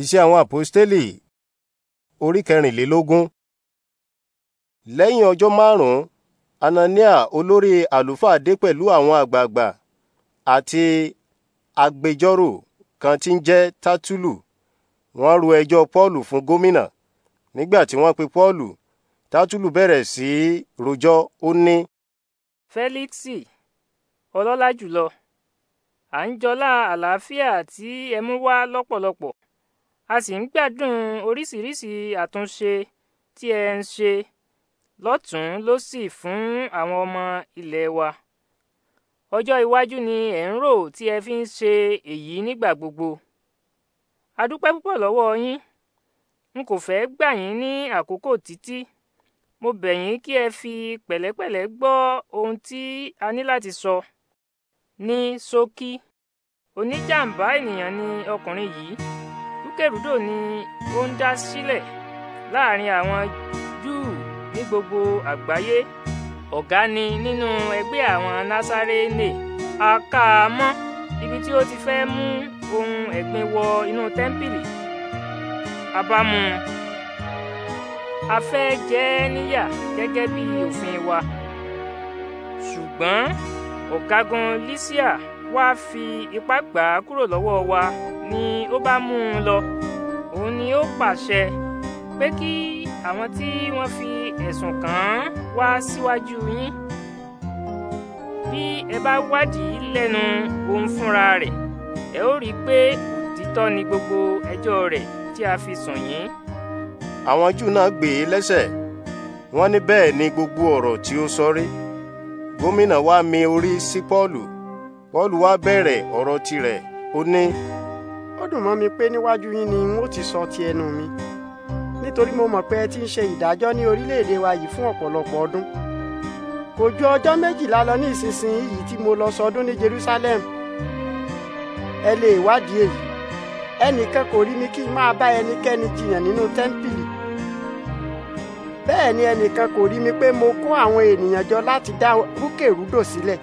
Iṣẹ́ àwọn àpọ́stélì orí kẹrìnlélógún. Lẹ́yìn ọjọ́ márùn-ún, Anania olórí àlùfáà dé pẹ̀lú àwọn àgbààgbà àti agbẹjọ́rò kan tí ń jẹ́ Tátúlù. Wọ́n ru ẹjọ́ Pọ́ọ̀lù fún gómìnà. Nígbà tí wọ́n pe Pọ́ọ̀lù, Tátúlù bẹ̀rẹ̀ sí í rojọ́ ó ní. Fẹ́líksì, ọlọ́lá jùlọ, à ń jọlá àlàáfíà tí ẹ mú wá lọ́pọ̀lọpọ̀ a sì ń gbádùn oríṣiríṣi àtúnṣe tí ẹ ń ṣe lọ́tùn-ún lósì fún àwọn ọmọ ilẹ̀ wa ọjọ́ iwájú ni ẹ̀ ń rò tí ẹ fi ń ṣe èyí nígbà gbogbo a púpọ̀ lọ́wọ́ yín n kò fẹ́ gbà yín ní àkókò títí mo bẹ̀ yín kí ẹ fi pẹ̀lẹ́pẹ̀lẹ́ gbọ́ ohun tí a ní láti sọ ní ṣókí oníjàǹbá ènìyàn ni ọkùnrin yìí rúkèrúdò ni ó ń dá sílẹ̀ láàrin àwọn Júù ní gbogbo àgbáyé ọ̀gá ni nínú ẹgbẹ́ àwọn Násárẹ́nè a ká a mọ́ ibi tí ó ti fẹ́ mú ohun ẹ̀gbin wọ inú tẹ́ḿpìlì a bá mú un a fẹ́ jẹ ẹ́ níyà gẹ́gẹ́ bí òfin wa ṣùgbọ́n ọ̀gágun Lísíà wá fi ipá gbà á kúrò lọ́wọ́ wa ni ó bá mú un lọ òun ni ó pàṣẹ pé kí àwọn tí wọ́n fi ẹ̀sùn kàn án wá síwájú yín bí ẹ bá wádìí lẹ́nu òun fúnra rẹ̀ ẹ ó rí i pé òtítọ́ ni gbogbo ẹjọ́ rẹ̀ tí a fi sùn yín. àwọn júù náà gbè é e lẹ́sẹ̀ wọ́n ní bẹ́ẹ̀ ni gbogbo ọ̀rọ̀ tí ó sọ rí gómìnà wa mi orí sí Pọ́ọ̀lù Pọ́ọ̀lù wa bẹ̀rẹ̀ ọ̀rọ̀ tirẹ̀ ó ní ó dùn mọ́ mi pé níwájú yín ni n ó ti sọ ti ẹnu mi nítorí mo mọ̀ pé ẹ ti ń ṣe ìdájọ́ ní orílẹ̀-èdè wa yìí fún ọ̀pọ̀lọpọ̀ ọdún kò ju ọjọ́ méjìlá lọ ní ìsinsìnyí yìí tí mo lọ sọdún ní Jerusalem ẹ lè wádìí èyí ẹnìkan kò rí mi kí n máa bá ẹnikẹ́ni jiyàn nínú tẹ́ḿpìlì bẹ́ẹ̀ ni ẹnìkan kò rí mi pé mo kó àwọn ènìyàn jọ láti dá rúkèrúdò sílẹ̀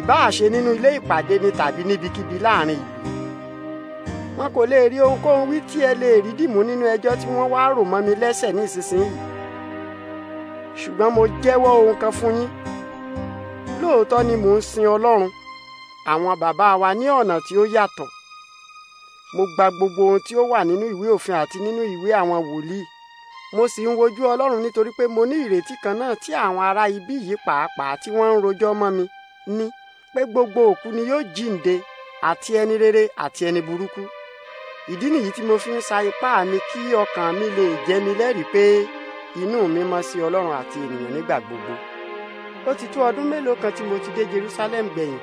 ìbáà ṣe nínú ilé ìpàdé ni tàbí níbikíbi láàrin ìlú wọn kò lè rí ohunkóhun wí tí ẹ lè rí dìmú nínú ẹjọ́ tí wọ́n wá rò mọ́ mi lẹ́sẹ̀ ní ìsinsìnyí ṣùgbọ́n mo jẹ́wọ́ ohun kan fún yín lóòótọ́ ni mò ń sin ọlọ́run àwọn bàbá wa ní ọ̀nà tí ó yàtọ̀ mo gba gbogbo ohun tí ó wà nínú ìwé òfin àti nínú ìwé àwọn wòlíì mo sì ń wojú ọlọ́run nítorí pé mo ní ìrètí kan náà tí àwọn ará ibí yìí pàápàá tí wọ́n ń rojọ́ mọ́ mi ní pé gbogbo òkú ni yóò jíǹde àti ẹni rere àti ẹni burúkú ìdí nìyí tí mo fi ń sa ipá mi kí ọkàn mi lè jẹ́ mi lẹ́rìí pé inú mi mọ́ sí ọlọ́run àti ènìyàn nígbà gbogbo ó ti tó ọdún mélòó kan tí mo ti dé Jerusalem gbẹ̀yìn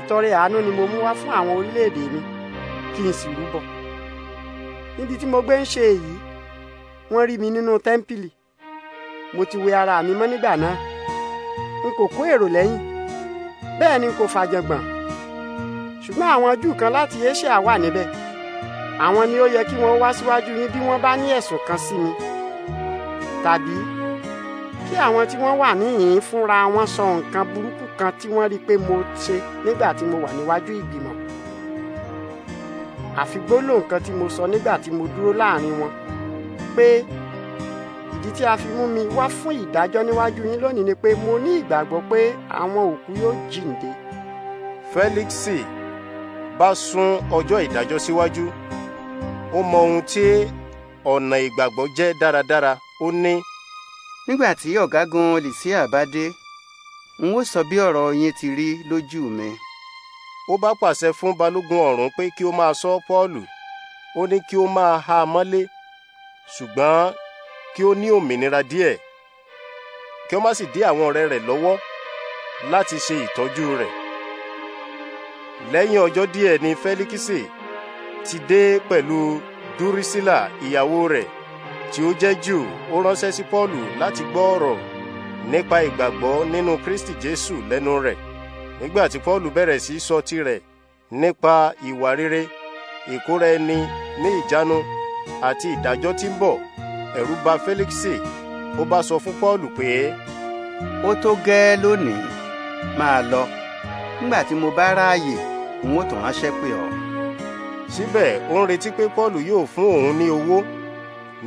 ìtọrẹ àánú ni mo mú wá fún àwọn orílẹ̀-èdè mi kí n sì rúbọ níbi tí mo gbé ń ṣe èyí wọ́n rí mi nínú tẹ́ḿpìlì mo ti wẹ ara mi mọ́ nígbà náà n kò kó èrò lẹ́yìn bẹ́ẹ̀ ni n kò fàjàngbọ̀n ṣùgbọ́n àwọn Júù kan láti Asia wà níbẹ̀ àwọn ni ó yẹ kí wọ́n wá síwájú yín bí wọ́n bá ní ẹ̀sùn kan sí mi tàbí kí àwọn tí wọ́n wà níhìn fúnra wọn sọ nǹkan burúkú kan tí wọ́n rí i pé mo ṣe nígbà tí mo wà níwájú ìgbìmọ̀ àfi gbólóhùn kan tí mo sọ nígbà tí mo dúró láàrin wọn pé ìdí tí a fi mú mi wá fún ìdájọ́ níwájú yín lónìí ni pé mo ní ìgbàgbọ́ pé àwọn òkú yóò jíǹde. Fẹ́líksì bá sún ọjọ́ ìdájọ́ síwájú ó mọ ohun tí ọ̀nà ìgbàgbọ́ jẹ́ dáradára ó ní. nígbà tí ọ̀gágun olùsíà bá dé n ó sọ bí ọ̀rọ̀ yín ti rí lójú mi. ó bá pàṣẹ fún balógun ọ̀rún pé kí ó máa sọ pọ́ọ̀lù ó ní kí ó máa ha mọ́lé ṣùgbọ́n kí ó ní òmìnira díẹ̀ kí ó má sì dí àwọn ọ̀rẹ́ rẹ̀ lọ́wọ́ láti ṣe ìtọ́jú rẹ̀ lẹ́yìn ọjọ́ díẹ̀ ni fẹ́líkísì ti dé pẹ̀lú dúrísílà ìyàwó rẹ̀ tí ó jẹ́ jù ó ránṣẹ́ sí pọ́ọ̀lù láti gbọ́ ọ̀rọ̀ nípa ìgbàgbọ́ nínú kristi jésù lẹ́nu rẹ̀ nígbà tí pọ́ọ̀lù bẹ̀rẹ̀ sí sọ tirẹ̀ nípa ìwà rere ìkóra ẹni ní ìjánu àti ìdájọ́ tí ń bọ̀ ẹ̀rù bà fẹ́líkísì ó bá sọ fún pọ́ọ̀lù pé ó tó gẹ́ẹ́ lónìí máa lọ nígbà tí mo bá ráàyè n ó tún ránṣẹ́ pè ọ́. síbẹ̀ ó ń retí pé paul yóò fún òun ní owó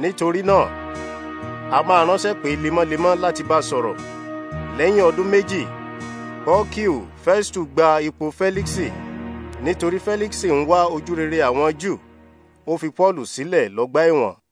nítorí náà a máa ránṣẹ́ pè lemọ́lemọ́ láti bá sọ̀rọ̀ lẹ́yìn ọdún méjì pọ́kíù fẹ́stù gba ipò fẹ́líksì nítorí fẹ́líksì ń wá ojúrere àwọn jù ó fi paul sílẹ̀ lọ́gbà ẹ̀wọ̀n